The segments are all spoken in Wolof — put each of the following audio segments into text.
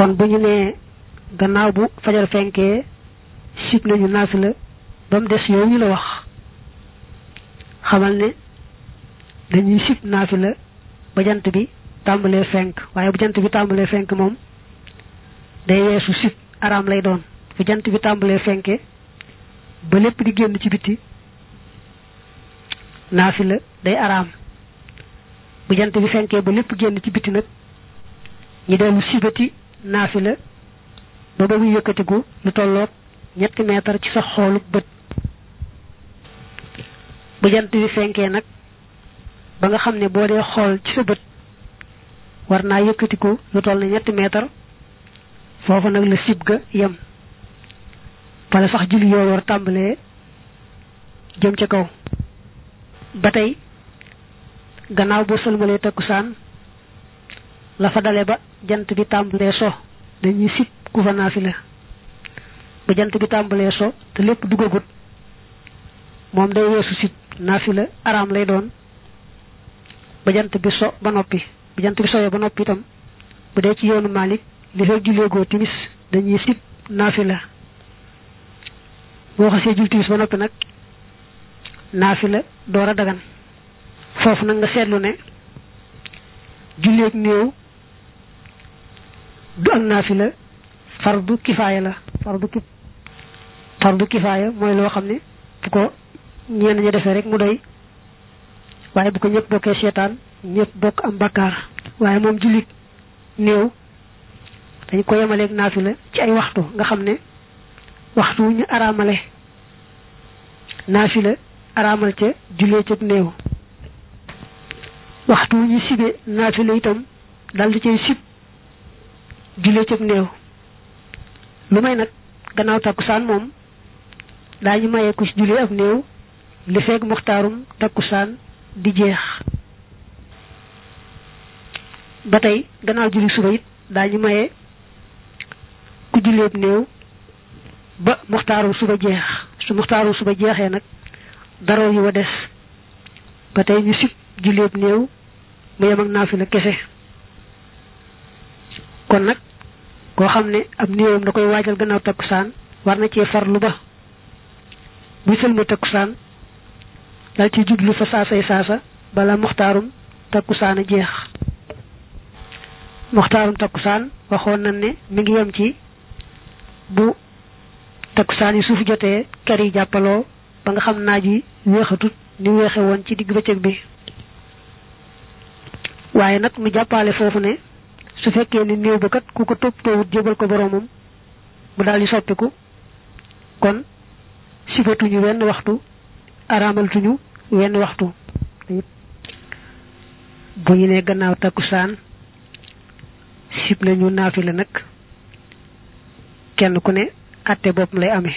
kon bu ñu nee gannaaw bu fajar fenkee sib nañu naafila ba mu des yow ñu la wax xamal ne dañuy naafi la ba jant bi tàmbalee fenk waaye bu jant bi tàmbalee fenk moom day lay doon jant bi tàmbalee fenke ba lépp di génn ci biti la day araam bu jant bi fenkee ba lépp génn ci biti nag ñu dellu sibati naafila ba ba muy yëkkatiku lu tolloog ñetti meetar ci sa xoolub bët bu jant bi fenkee nag ba nga xam ne boo dee xool ci sa bët war naa yëkkatiku lu toll ne ñetti meetar foofu nag la sib ga yem wala sax julli yoo war tàmbalee jëm ca kaw ba tey gannaaw boo sëlmalee takkusaan la fa dale ba jant bi tàmbalee so dañuy sib ku fa naafila ba jant bi tàmbalee so te lépp dugagut moom day weesu sib naafila araam lay doon ba jant bi so ba noppi ba jant bi soyee ba noppi itam bu dee ci yoonu Malik li fay julleegoo timis dañuy sib naafila boo xasee jul timis ba nag naafila door a dagan foofu nag nga seetlu ne julleeg néew du ak naafi naafila fardu kifaaya la fardu ki fardu kifaaya mooy loo xam ne bu ko ñenn ñi defee rek mu doy waaye bu ko ñëpp bokkee seetaan ñëpp bokk am bakkaar waaye moom jullit néew dañ ko naafi la ci ay waxtu nga xam ne waxtu wu ñu araamale naafila araamal ca jullee ca néew waxtu wu ñu sibe naafila itam dal di cay sib jullee cëb néew lu may nag gannaaw takkusaan moom daañu maye ku ci jullee ab néew li feeg muxtaarum takkusaan di jeex ba tey gannaaw julli suba it daañu maye ku jullee ab néew ba muxtaarum suba jeex su muxtaarum suba jeexee nag daroo yu wa des ba tey ñu sib jullee ab néew mu yem ak naafila kese kon nag koo xam ne am néewam da koy waajal gannaaw takkusaan war na cee farlu ba bu sëlma takkusaan dal ci jublu fa saasay saasa bala muxtaarum takkusaan a jeex muxtaarum takkusaan waxoon nañ ne mi ngi yem ci bu takkusaan yi suuf jotee kër yi jàppaloo ba nga xam naaj yi weexatut ni weexe woon ci digg bëccëg bi waaye nag mu jàppale foofu ne su fekkee ni néew ba kat ku ko toppatoowut jébal ko boroomam mu daal di soppiku kon sifatuñu wenn waxtu araamaltuñu wenn waxtu bu ñu nee gannaaw takkusaan sib nañu naafila nag kenn ku ne àtte bopp lay amee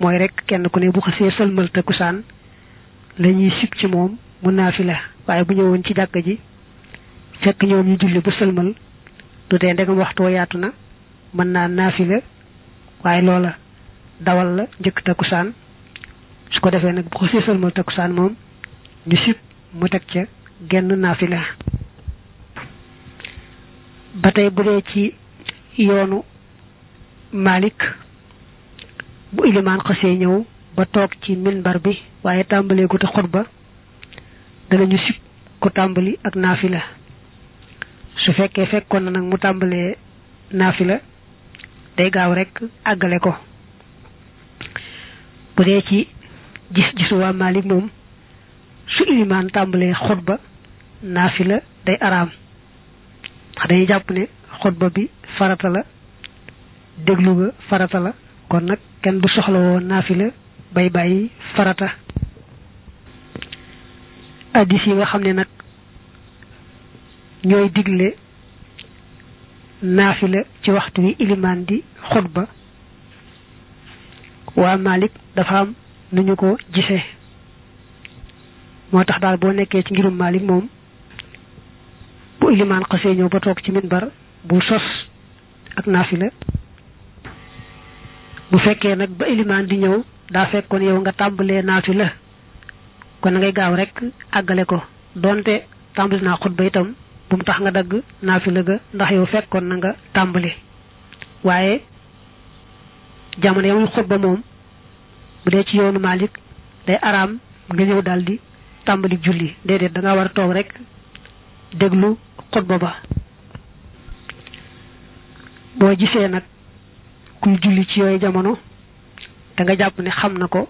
mooy rek kenn ku ne bu xasee sëlmal takkusaan la ñuy sib ci moom mu naafila waaye bu ñëwoon ci jàkka ji fekk ñoom ñu julli ba sëlmal du tee ndegam waxtu yaatu na mën naa naafi la waaye loola dawal la njëkk takkusaan su ko defee nag bu ko séesal ma takkusaan moom ñu sib mu teg ca genn la ba tey bu dee ci yoonu Malik bu ilimaan xasee ñëw ba toog ci minbar bi waaye tàmbalee gu ba xutba danañu sib ko tàmbali ak naafila su fekkee fekkoon na nag mu tàmbalee naafi la day gaaw rekk àggale ko bu dee ci gis-gisu waa Maalik moom su ilimaan tàmbalee xutba naafila day araam ndax dañuy jàpp ne xutba bi farata la déglu farata la kon nag kenn du soxla woo la bay bàyyi farata addis yi nga xam ne nag ñooy digle naafila ci waxtu wi ilimaan di ba waa Malik dafa am nu ñu ko jise moo tax daal boo nekkee ci ngirum Malik moom bu ilimaan xasee ñëw ba toog ci minbar bu sos ak la bu fekkee nag ba ilimaan di ñëw daa fekkoon yow nga tàmbalee la kon ngay gaaw rek àggale ko donte tàmbali naa ba itam bu mu tax nga dagg naafila ga ndax yow fekkoon na nga tàmbali waaye jamono yamul xutba moom bu dee ci yoonu Malik day araam nga ñëw daal di tàmbali julli déedéet da nga war a toog rek déglu xutba ba boo gisee nag kuy julli ci yooyu jamono da nga jàpp ne xam na ko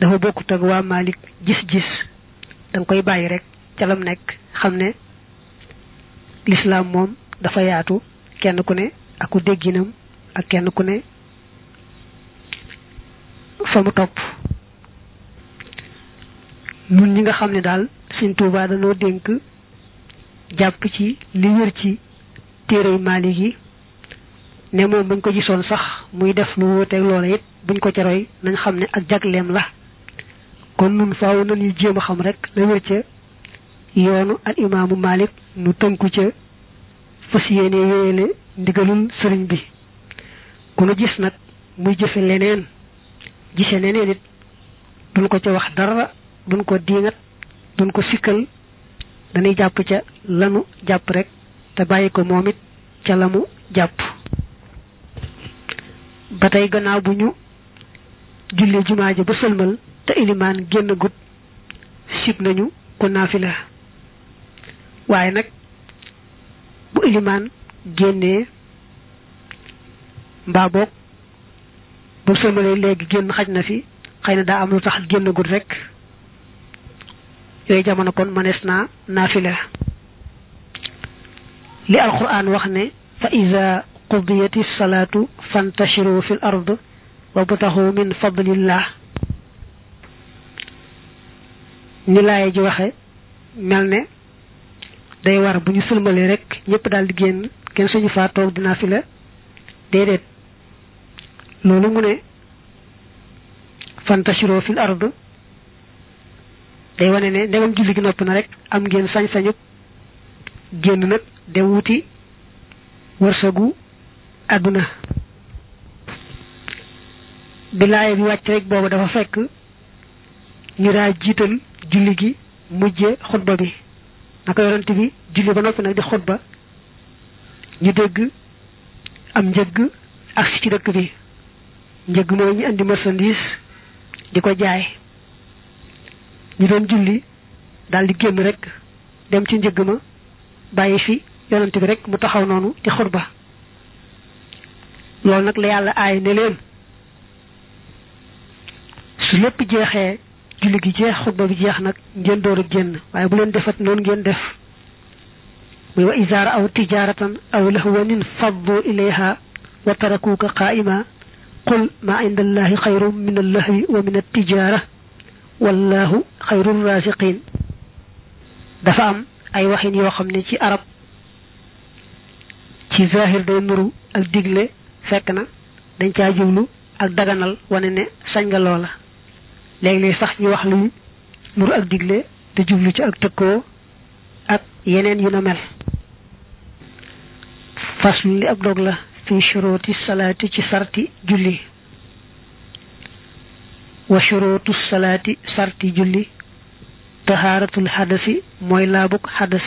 dafa bokkut ak waa Malik gis-gis da koy bàyyi rek ca lam nekk xam ne lislaam moom dafa yaatu kenn ku ne aku dégginam ak kenn ku ne fa mu topp ñun ñi nga xam ne daal Sëñ Tuubaa danoo dénk jàpp ci li wér ci téere Maalik yi ne moom buñ ko gisoon sax muy def lu wóoteeg loola it buñ ko caroy nañ xam ne ak jagleem la kon nun faaw nañu jéem a xam rek la wér ca yoonu al imaamu Maalik nu tënku ca fas yéene yéene ndigalul sëriñ bi ku nu gis nag muy jëfe leneen gise leneen it duñ ko ca wax dara duñ ko diingat duñ ko sikkal danay jàpp ca lanu jàpp rek te bàyyi ko moom it ca la jàpp ba tey gannaaw bu ñu julli jumaa ba sëlmal te ilimaan génn gut sib nañu ko naafila waaye nag bu ilimaan génnee mbaa boog bu sëlmalee léegi génn xaj na fi xëy na daa am lu tax génn gud rek yooyu jamono kon mënees naa naafila li alquran wax ne fa ida qudiyati salaatu fantashiru fi l ard wabtahu min fadlillah ni laaye ji waxe mel ne day war bu ñu sëlmalee rek ñépp daal di génn kenn suñu faa toog dinaa fi la déedéet loolu mu ne fantashiro fil ard day wane ne ndegam julli gi nopp na rek am ngeen sañ-sañu génn nag de wuti wërsëgu àdduna bi laaya bi wàcc rek boobu dafa fekk ñu daa jiital julli gi mujje xutba bi naka yonent bi julli ba noppi nag di xutba ñu dégg am njëgg ak si ci dëkk bi njëgg mooy ñu indi marchandise di ko jaay ñu doon julli daal di génn rek dem ci njëgg ma bàyyi fi yonent bi rek mu taxaw noonu di ba loolu nag la yàlla aay ne leen su lépp jeexee julli gi jeex xutba bi jeex nag ngeen door a génn waaye bu leen defat noonu ngeen def muy wa isaara aw tijaratan aw lahwanin faddu ilayha wa tarakuuka qaa'ima qul ma inda xayru min wa min attijaara xayru rasiqin dafa am ay waxin yoo xam ne ci arab ci zahir day nuru ak digle fekk na dañ caa jublu ak daganal wane ne sañ nga loola léeg sax ñu wax luy nur ak digle te jublu ci ak tëkkoo ak yeneen yu na mel faslu li ab dog la fi shuruti salaati ci sarti julli wa shurutu salaati sarti julli tahaaratul xadasi mooy laabuk xadas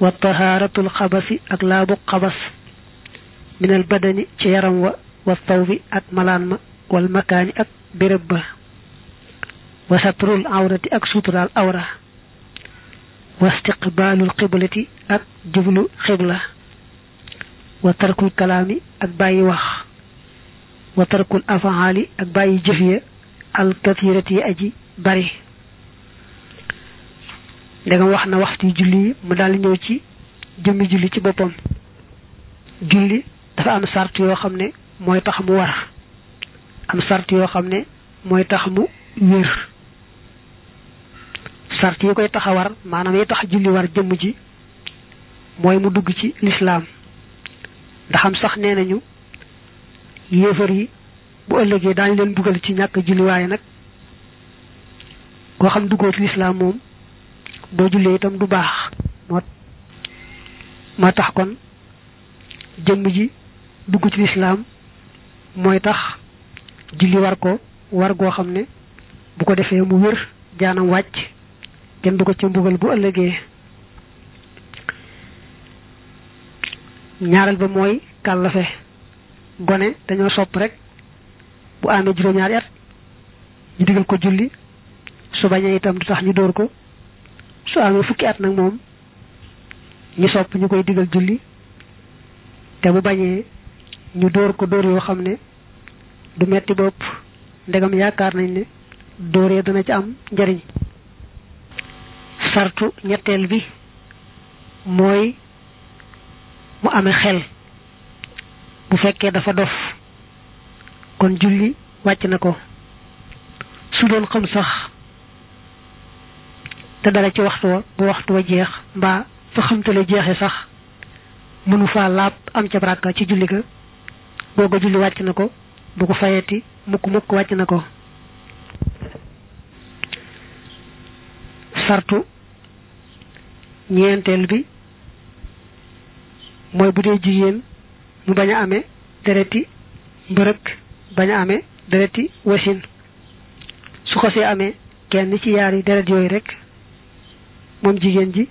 wa tahaaratul xabasi ak laabuk xabas minal badani ci yaram wa wa taw bi ak malaan ma wal makaani ak béréb ba wa satrul awrati ak suturaal awra wa istiqbaalul xiblati ak jublu xibla wa tarkul kalaami ak bàyyi wax wa tarkul afaali ak bàyyi jëf ya al kathirati yi aji bari dangam wax na waxtu julli ma daal ñëw ci jëmmi julli ci boppam julli dafa am sart yoo xam ne mooy tax mu war am sart yoo xam ne mooy tax mu wér sart yi koy tax a maanaam yi tax julli war jëmm ji mooy mu dugg ci lislaam ndaxam sax nee nañu yéefar yi bu ëllëgee daañu leen buggal ci ñàkk julli waaye nag koo xam duggoo ci lislaam moom boo jullee itam du baax moo tax kon jëmm ji dugg ci lislaam mooy tax julli war ko war goo xam ne bu ko defee mu wér jaanam wàcc kenn du ko ca mbugal bu ëllëgee ñaareel ba mooy kàllafe gone dañoo sopp rek bu amee juróom-ñaari at ñu digal ko julli su bañee itam du tax ñu dóor ko su amee fukki at nag moom ñu sopp ñu koy digal julli te bu bañee ñu dóor ko dóor yoo xam ne du metti bopp ndegam yaakaar nañ ne dóoree dana ci am njariñ sartu ñetteel bi mooy mu amee xel bu fekkee dafa dof kon julli wàcc na ko su doon xam sax te dara ci waxtu wa bu waxtu wa jeex mbaa fa xamtale jeexe sax mënu faa laab am ca baraka ci julli ga googa julli wàcc na ko bu ko fayeti mukk mukk wàcc na ko sartu ñeenteel bi mooy bu dee jigéen mu bañ a ame dereti mbërëk bañ a ame dereti wasin su ko see amee kenn ci yaari deret yooyu rek moom jigéen ji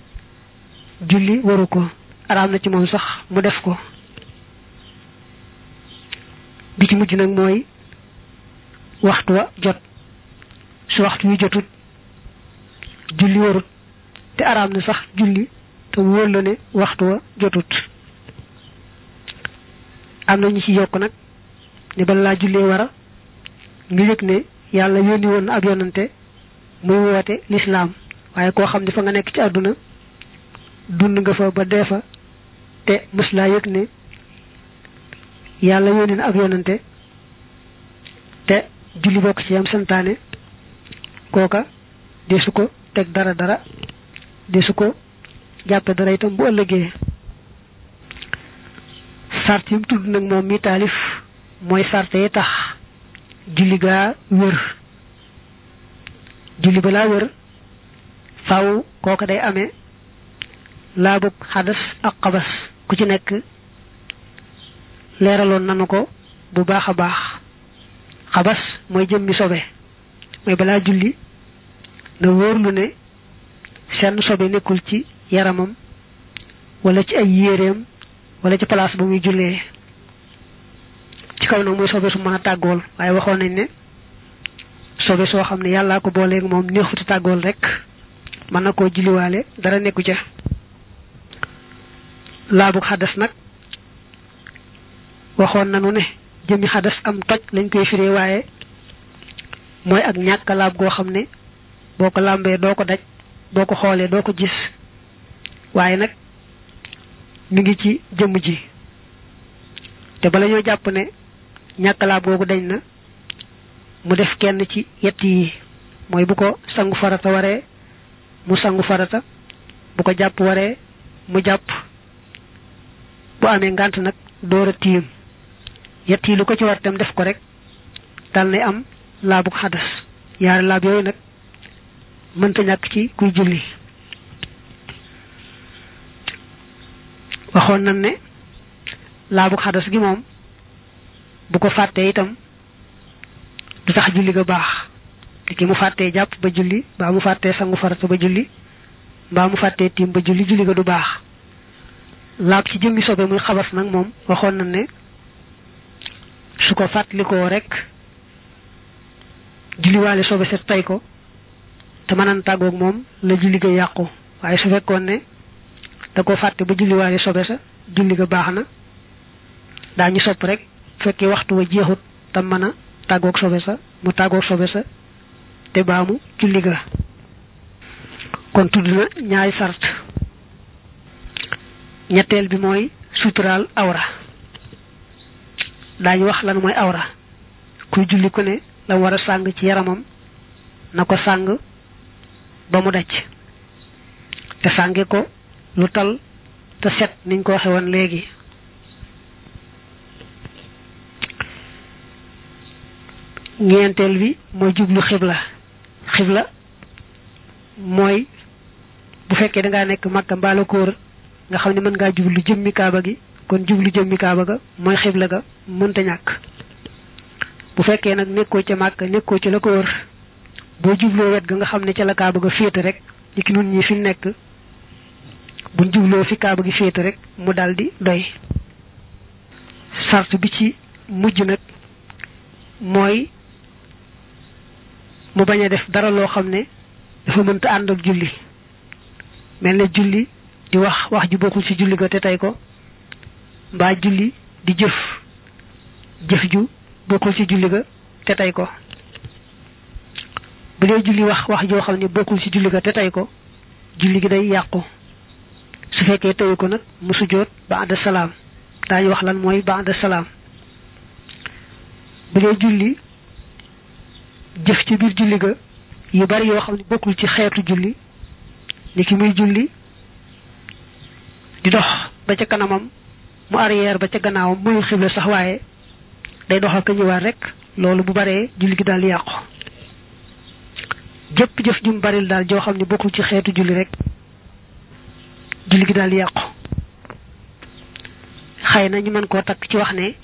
julli waru ko araam na ci moom sax mu def ko bi ci mujj nag mooy waxtu wa jot su waxtu wi jotut julli warut te araam na sax julli te wóor la ne waxtu wa jotut am na ñu ci yokk nag ne bala laa jullee wara a yëg ne yàlla yónni woon na ab yonante muy woote lislaam waaye koo xam ne fa nga nekk ci àdduna dund nga fa ba dee fa te mës laa yëg ne yàlla yónni na ab yonante te julli bokk ci yam santaane kooka desu ko teg dara dara de su ko jàppe dara itam bu ëllëgee sart yi mu tudd nag moom mi taalif mooy sart tax julli gaa wér julli balaa wér faw kooka day amee laabug xadas ak xabas ku ci nekk leeraloon nanu ko bu baax a baax xabas mooy jëmmi sobe mooy balaa julli na wóor ne senn sobe nekkul ci yaramam wala ci ay yéreem walla ci place ba muy julee ci kaw nag mooy sobe su mën a tàggool waaye waxoon nañ ne sobe soo xam ne yàllaa ko booleeg moom neexutu tàggool rek mën na koo julliwaale dara nekku ca laabu xadas nag waxoon nanu ne jëmmi xadas am toj lañ koy firee waaye mooy ak ñàkk laab goo xam ne boo ko làmbee doo ko daj boo ko xoolee doo ko gis waaye nag mi ngi ci jëmm ji te bala ñoo jàpp ne ñàkk laab googu deñ na mu def kenn ci yett mooy bu ko sangu farata waree mu sangu farata bu ko jàpp waree mu jàpp bu amee ngànt nag door a tiim yett yi lu ko ci war tam def ko rek dal nay am laabu xadas yaari laab yooyu nag mënta ñàkk ci kuy julli waxoon nañ ne laabu xadas gi moom bu ko fàttee itam du tax julli ga baax ki mu fàttee jàpp ba julli mbaa mu fàttee sangu farata ba julli mbaa mu fàttee tiim ba julli julli ga du baax laab ci jëmmi sobe muy xabas nag moom waxoon nañ ne su ko fàttalikoo rek julliwaale sobe set tay ko te mënaan tàggook moom la julli ga yàqu waaye su fekkoon ne da ko fàtte ba julliwaale sobe sa julli ga baax na daañu sopp rek fekkee waxtu wa jeexut te mën a tàggoog sobe sa mu tàggoog sobe sa te baamu julli ga kon tudd na ñaari sart ñetteel bi mooy suturaal awra daañu wax lan mooy awra kuy julli ku ne la war a sàng ci yaramam na ko sàng ba mu daj te sànge ko lu tal te set niñ ko xewoon léegi ñeenteel bi mooy jublu xibla xibla mooy bu fekkee dangaa ngaa nekk Makka mbaala kóor nga xam ne mën ngaa jublu jëmmi kaaba gi kon jublu jëmmi kaaba ga mooy xibla ga mënta ñàkk bu fekkee nag nekkoo ca Makka nekkoo ci la ko wër boo jubloo wet ga nga xam ne ca la kaaba ga féete rek li ki nun ñi fi nekk buñ jubloo fi kaaba gi féete rek mu daldi doy sart bi ci mujj nag mooy mu bañ a def dara loo xam ne dafa mënta ànd ak julli mel ne julli di wax wax ju bokkul ci julli ga te tey ko mbaa julli di jëf jëf ju bokkul ci julli ga te tey ko bu dee julli wax wax joo xam ne bokkul ci julli ga te tey ko julli gi day yàqu su fekkee teyu ko nag mu sujjóot ba'da salaam daañu wax lan mooy ba'da salaam bu dee julli jëf ci biir julli ga yu bari yoo xam ne bokkul ci xeetu julli ni ki muy julli di dox ba ca kanamam mu arrière ba ca gannaawam muy xibla sax waaye day doxal ko rek loolu bu baree julli gi daal di yàqu jëpp jëf jum bari daal joo xam ne bokkul ci xeetu julli rek julli gi daal yàqu xëy na ñu mën koo takk ci wax ne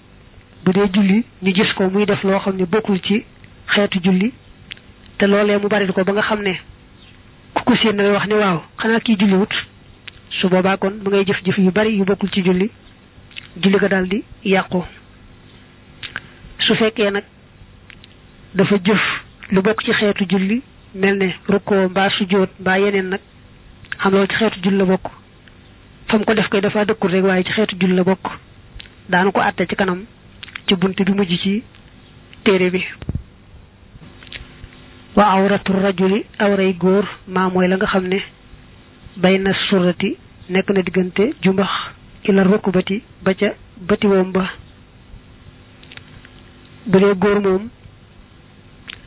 bu dee julli ñu gis ko muy def loo xam ne bokkul ci xeetu julli te loolee mu baril ko ba nga xam ne ku ko seen wax ne waaw xanaa kii julli wut su boobaa kon mu ngay jëf jëf yu bari yu bokkul ci julli julli ga daal di yàqu su fekkee nag dafa jëf lu bokk ci xeetu julli mel ne rukkoo mbaa sujjóot mbaa yeneen nag xam loolu ci xeetu jul la bokk fa mu ko def koy dafa dëkkul rek waaye ci xeetu jul la bokk daana ko àtte ci kanam ci bunt bi mujj ci téere bi waa awratu rajuli awray góor maa la nga xam ne bay na surati nekk na diggante jumbax ila rukkubati ba ca batiwoom ba bu dee góor moom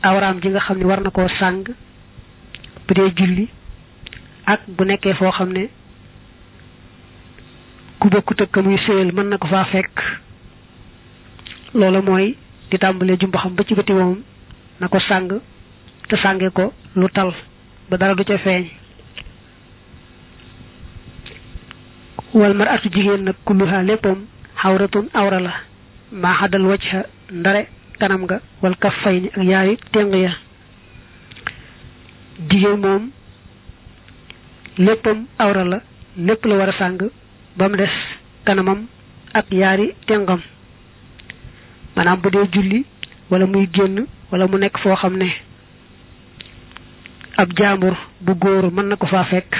awraam ji nga xam ne war na koo sàng bu dee julli ak bu nekkee foo xam ne ku bokkut ak muy séyal mën na ko faa fekk loola mooy di tàmbalee jumba xam ba ci bëti moom na ko sàng te sànge ko lu tal ba dara du ca feeñ wal mar atu jigéen nag kulluha léppam xawratun awra la maa xadal wajha ndare kanam ga wal kaffay ak yaari teng ya jigéen moom léppam awra la lépp la war a sàng ba des kanamam ak yaari tengam maanaam bu dee juli wala muy génn wala mu nekk foo xam ne ab jaambur bu góor mën na ko faa fekk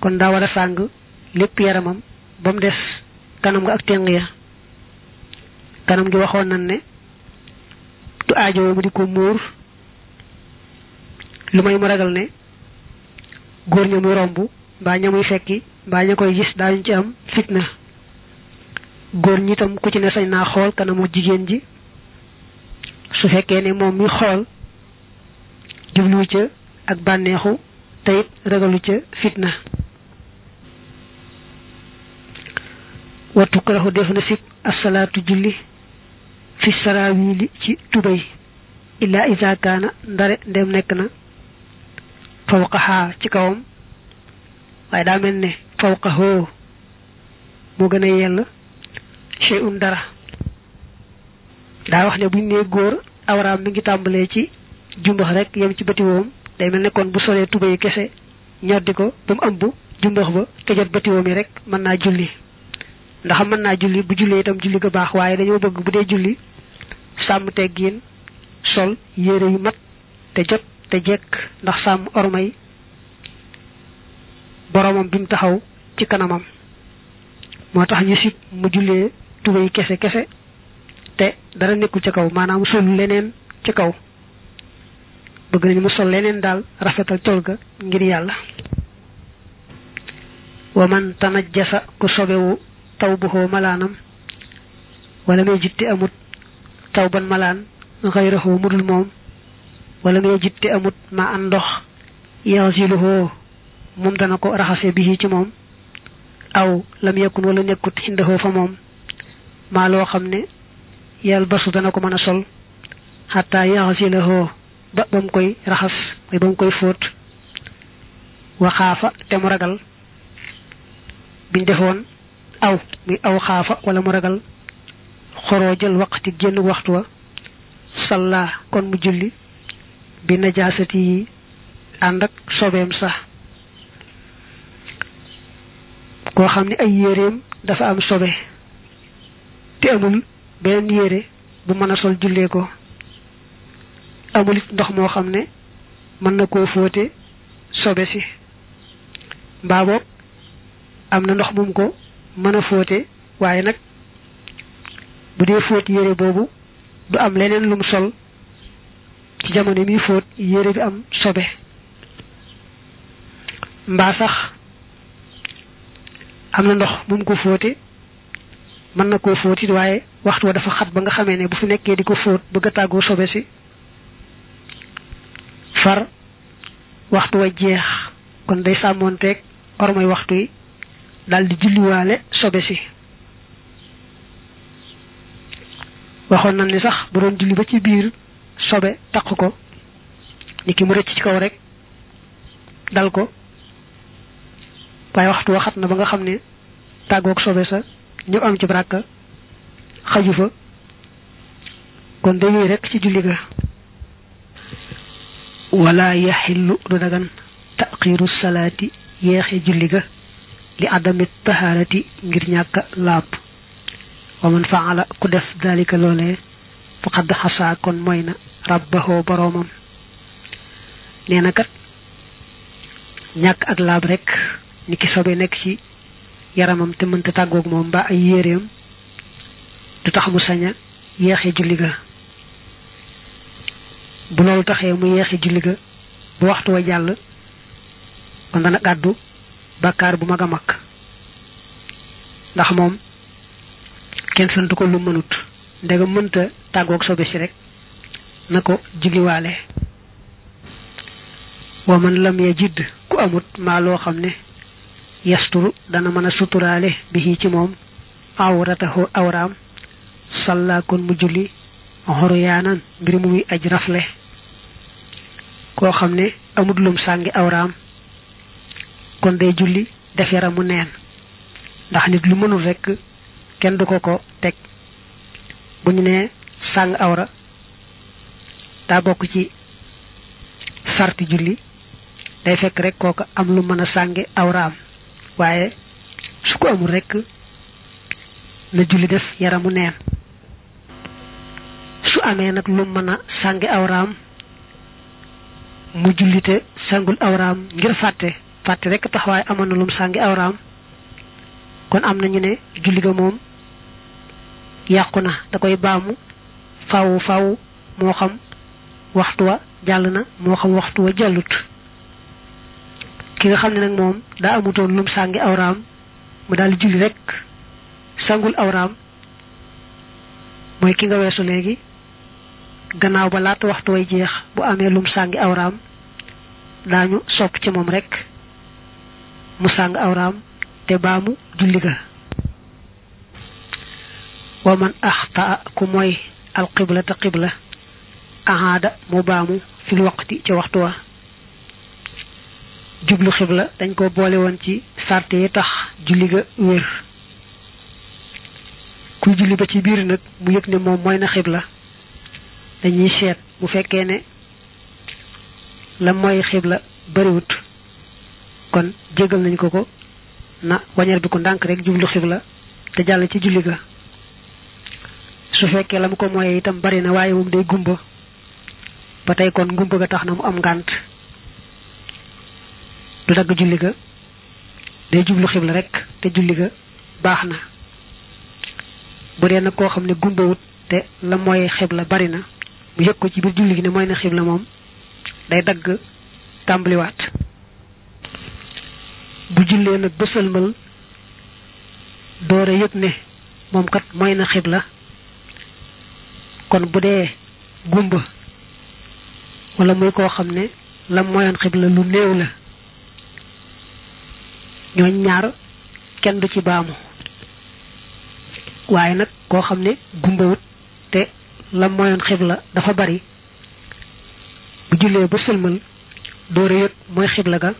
kon daa war a sàng lépp yaramam ba mu des kanam nga ak teng ya kanam gi waxoon nañ ne tu aajowoo mu di ko muur lu may mu ragal ne góor ña romb mbaa ña muy fekki mbaa ña koy gis daañu ci am fitna góor ñi itam ku ci ne sañ naa xool kanamu jigéen ji su fekkee ne moom muy xool jublu ca ak bànneexu te it ragalu ca fitna wattu karaxu def na sib asalaatu julli fi saraawili ci tubéy illaa isa kaana ndare ndem nekk na fawqahaa ci kawam waaye daa mel ne fawqahoo moo gën a yell shay'un dara daa wax ne buñ nee góor awraam mi ngi tàmbalee ci jumbax rek yem ci bëti woom day mel ne bu solee tubéy kese ñoddi ko ba mu ëmb jumbax ba te jot bëti woom yi rek mën naa julli ndax mën naa julli bu jullee itam julli ko baax waaye dañoo bëgg bu dee julli sàmm teggiin sol yére yu mat te jot te jekk ndax sàmm ormay boromam bi taxaw ci kanamam moo tax ñu sib mu jullee tubéy kese kese te dara nekkul ci kaw maanaam sol leneen ci kaw bëgg nañu mu sol leneen daal rafetal col ga ngir yàlla wa man tanajjasa ku sobewu taw bu xoo malaanam wala may jitte amut taw ban malaan xayrahu mudul moom walla muy jitte amut ma an ndox yaxsiluhu moom dana ko raxase bi ci moom aw lam yakun wala nekkut xindahoo fa moom maa loo xam ne yàlla basu dana ko mën a sol xataa yaxsiluhu ba ba mu koy raxas mooy ba mu koy fóot waxaafa te mu ragal biñ defoon aw muy aw xaafa wala mu ragal xoroojal waqti génn waxtu wa salla kon mu julli bi najaasati yi ànd ak sobeem sax koo xam ne ay yéreem dafa am sobe te amul beneen yére bu mën a sol jullee ko amul it ndox moo xam ne mën na koo fóote sobe si mbaa boog am na ndox mum ko mën a fóote waaye nag bu dee fóot yére boobu du am leneen lum sol ci jamono mi fóot yére bi am sobe mbaa sax am na ndox bu mu ko fóote mën na koo fóot waaye waxtu wa dafa xat ba nga xamee ne bu fi nekkee di ko fóot bëgg a tàggoo sobe si far waxtu wa jeex kon day sàmmoonteeg ormay waxtu yi daal di julliwaale sobe si waxoon na ni sax bu doon julli ba ci biir sobe taq ko niki ki mu rëcc ci kaw rek dal ko waaye waxtu waxat na ba nga xam ne tàggoog sobe sa ñu am ci baraka xaju fa kon dañuy rek ci julli ga wala yaxillu du dagan taqiru salaati yeexe julli ga li adami taharati ngir ñàkk laab wa man faala ku def dalika loolee faqad xasaa kon mooy na rabbahu boroomam nee na kat ñàkk ak laab rekk ni ki sobe nekk ci yaramam te mënta tàggook moom mbaa ay yéreem du tax mu saña a yeexe julli ga bu loolu taxee mu yeexe julli ga bu waxtu wa jàll kon dana gàddu bàkkaar bu mag a mag ndax moom kenn sant ko lu mënut ndega mënta tàggoog sobe si rek na ko julliwaale wa man lam yajid ku amut maa loo xam ne yasturu dana mën a suturaale bi ci moom awratahu awraam sàllaa kon mu julli xoru yaanan mbir mu muy aj rafle koo xam ne amut lum sàngi awraam kon day julli def yaramu neen ndax nit lu mënul rek kenn du ko ko teg bu ñu nee sàng awra daa bokk ci sarti julli day fekk rek kooku am lu mën a sàngi awraam waaye su ko amul rek na julli des yaramu neen su amee nag lu mën a sàngi awraam mu jullite sàngul awraam ngir fàtte fàtte rek tax waaye amoon na lum sàngi awraam kon am nañu ne julli ga moom yàqu na da koy baamu faw faw moo xam waxtu wa jàll na moo xam waxtu wa jàllut ki nga xam ne nag moom daa amutoon lum sàngi awraam mu daal di julli rek sangul awraam mooy ki nga weesu léegi gannaaw ba laata waxtu way jeex bu amee lum sàngi awraam daañu sopp ci moom rek mu sàng awraam te baamu julli ga wa man axtaa ku mooy alqiblata qibla ahaada mu baamu fil waqti ca waxtu wa jublu xibla dañ ko boole woon ci sàrt yi tax julli ga wér kuy julli ba ci biir nag mu yëg ne moom mooy na xibla dañuy seet bu fekkee ne la mooy xibla bariwut kon jégal nañ ko ko na wañeer bi ko ndànk rekk jublu xibla te jàll ci julli ga su fekkee la mu ko mooyee itam bari na waaye moom day gumba ba tey kon gumba ga tax na mu am ngànt du dagg julli ga day jublu xibla rek te julli ga baax na bu dee nag koo xam ne gumba wut te la mooy xibla bari na mu yëg ko ci biir julli gi ne mooy na xibla moom day dagg tàmbaliwaat bu jullee nag ba sëlmal doora yëg ne moom kat mooy na xibla kon bu dee gumba wala muy koo xam ne lam moyoon xibla lu néew la ñooñ ñaar kenn du ci baamu waaye nag koo xam ne gumbawut te lam moyoon xibla dafa bari bu jullee ba sëlmal dóore yët mooy xibla ga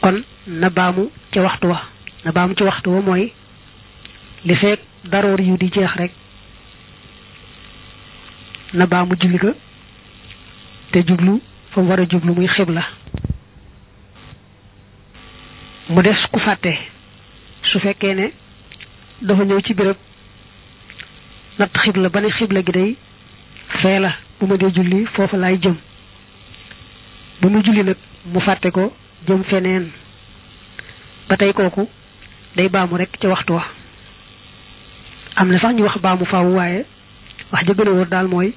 kon na baamu ca waxtu wa na baamu ci waxtu wa mooy li feek daroor yu di jeex rek na baamu julli ga te jublu fa war a jublu muy xibla mu des ku fàtte su fekkee ne dafa ñëw ci béréb natt xibla ba ne xibla gi day fee la bu ma dee julli foofa laay jëm ba mu julli nag mu fàtte ko jëm feneen ba tey kooku day baamu rekk ca waxtu wa am na sax ñu wax baamu faawu waaye wax ja gën a daal mooy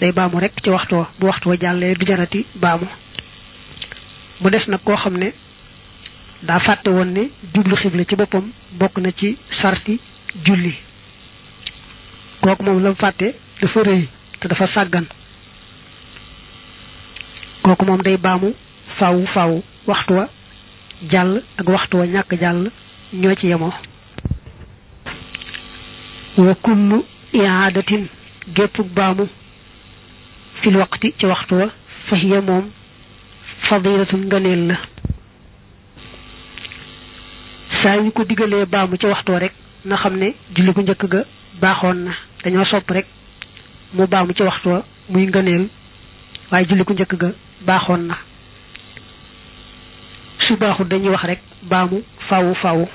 day baamu rekk ci waxtu bu waxtu wa jàllee du jarati baamu mu des nag koo xam ne daa fàtte woon ne jublu xibla ci boppam bokk na ci sarti julli kooku moom la fàtte dafa rëy te dafa sàggan kooku moom day baamu faaw faaw waxtu wa jàll ak waxtu wa ñàkk jàll ñoo ci yemoo wa kullu iaadatin géppug baamu fil waqti ci waxtu wa fahiya moom fadilatun ngëneel la saa yu ko digalee baamu ci waxtu wa rek na xam ne julli ku njëkk ga baaxoon na dañoo sopp rek mu baamu ci waxtu wa muy ngëneel waaye julli ku njëkk ga baaxoon na su baaxul dañuy wax rek baamu fawu fawu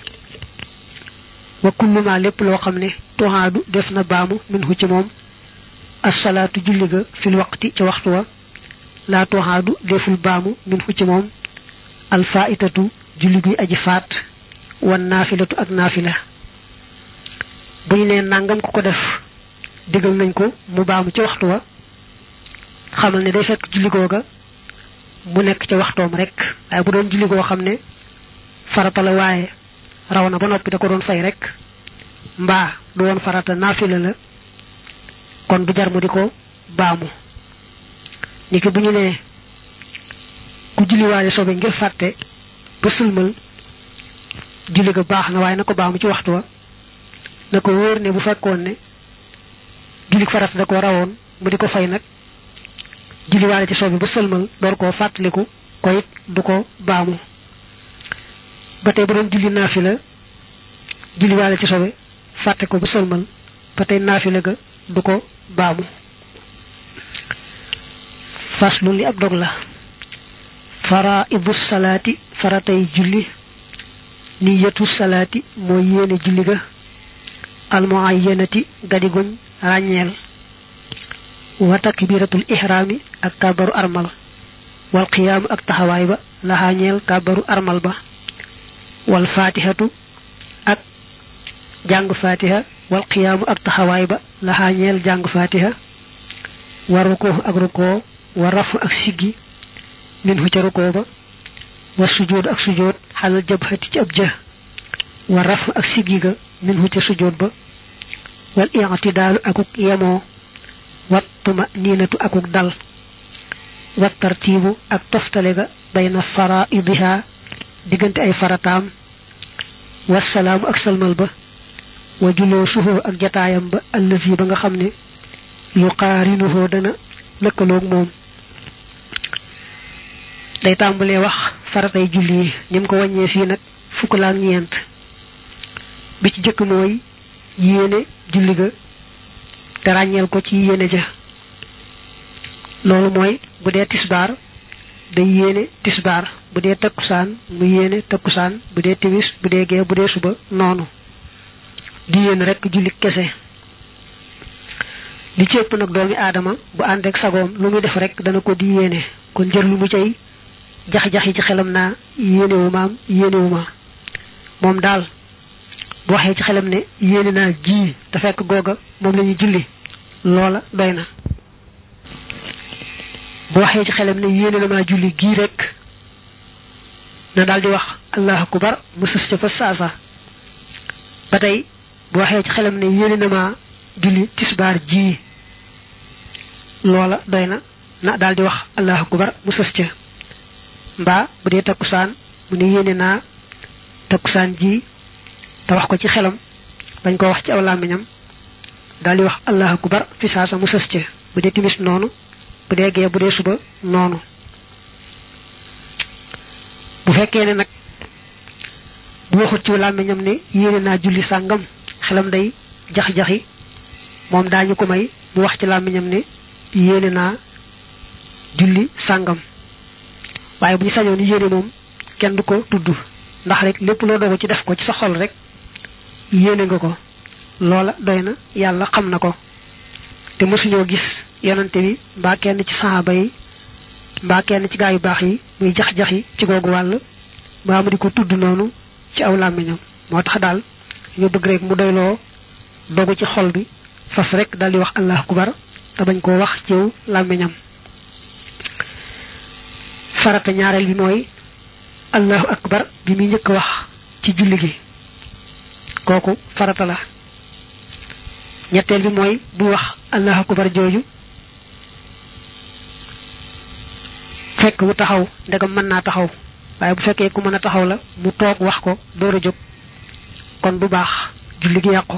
wa kullu lépp loo xam ne tohaadu def na baamu min hu ci moom asalaatu julli ga fil waqti ca waxtu wa laa toxaadu deful baamu min fu ci moom alfaitatu julli guy aji faat wan naafilatu ak naafila bu ñu nee nangam ku ko def digal nañ ko mu baamu ca waxtu wa xamal ne day fekk julli googa mu nekk ca waxtoom rek waaye bu doon julli goo xam ne farata la waaye raw na ba noppi da ko doon fay rek mbaa du woon farata naafila la kon du jar mu di ko baamu niki bu ñu nee ku julliwaale sobe ngir fàtte ba sulmal julli ga baax na waaye na ko baamu ci waxtu wa na ko wóor ne bu fekkoon ne julli faras da ko rawoon mu di ko fay nag julliwaale ci sobe ba sëlmal door koo fàttaliku ko it du ko baamu ci sobe fàtte ko ba sëlmal ba tey naafila ga du ko baabu faslu li ab dog la faraidu salaati faratay julli niyatu salaati mooy yéene julli ga almuayyanati gadiguñ ràññeel wa takbiratul ihraami ak kàbbaru armal wal qiyaamu ak taxawaay ba laxaañeel kàbbaru armal ba wal faatihatu ak jàng faatiha wal qiyaamu ak taxawaay ba laxaa ñeel jàng fatiha wa rukoo ak rukoo wa rafu ak siggi min hu ca rukoo ba wa sujood ak sujood xalal jabhati ci ab jë wa raf ak siggi ga min hu ca sujood ba wal i'tidaalu akuk yemoo wat tuma niinatu akuk dal wat tartiibu ak toftale ga bayna faraidiha diggante ay farataam wasalaamu ak salmal ba wa juloo suhoo ak jataayam ba allazi ba nga xam ne yu qaarinuhoo dana lëkkaloog moom day tàmbalee wax faratay julli yi ni ko wàññee fii nag fukk la ak ñeent bi ci jëkk mooy yéene julli ga te ràññeel ko ci yéene ja loolu mooy bu dee tisbaar day yéene tisbaar bu dee takkusaan mu yéene takkusaan bu dee timis bu dee gee bu dee suba noonu di yéen rek julli kese li ci ëpp nag doomi aadama bu ànd ak sagoom lu muy def rek dana ko di yéene kon jër lu mu cay jax-jax yi ci xelam naa yéenewu maam yéenewu ma moom daal bu waxee ci xelam ne yéene naa ji te fekk googa moom la doy na bu ci xelam ne yéene na maa julli gii rek na daal di wax allahu akbar mu sës ca fa saasa ba tey bu waxee ci xelam ne yéene na ma julli tisbaar ji loola doy na na daal di wax allahu akbar mu sës ca mbaa bu dee takkusaan mu ne yéene naa takkusaan ji te wax ko ci xelam bañ ko wax ci aw làmmiñam daal di wax allahu akbar fi saasa mu sës ca bu dee timis noonu bu dee gee bu dee suba noonu bu fekkee ne nag bu waxut ci làmmiñam ne yéene naa julli sàngam xelam day jax-jaxi moom daañu ko may mu wax ci làmmiñam ne yéene naa julli sàngam waaye bu ñu sañoon yéene moom kenn du ko tudd ndax rek lépp loo dogu ci def ko ci sa xol rek yéene nga ko loola doy na yàlla xam na ko te mësuñoo gis yonante bi mbaa kenn ci saxaaba yi mbaa kenn ci gaa yu baax yi muy jax-jaxi ci googu wàll mbaa mu di ko tudd noonu ci aw làmmiñam moo tax daal nga bëgg rek mu doyloo dogu ci xol bi fas rek daal di wax allahu akbar te bañ koo wax ciw làmmiñam farata ñaareel bi mooy allahu akbar bi muy njëkk wax ci julli gi kooku farata la ñetteel bi mooy bu wax allahu akbar jooju fekk mu taxaw ndegam mën naa taxaw waaye bu fekkee ku mën a taxaw la mu toog wax ko door a jóg kon du baax julli gi yàqu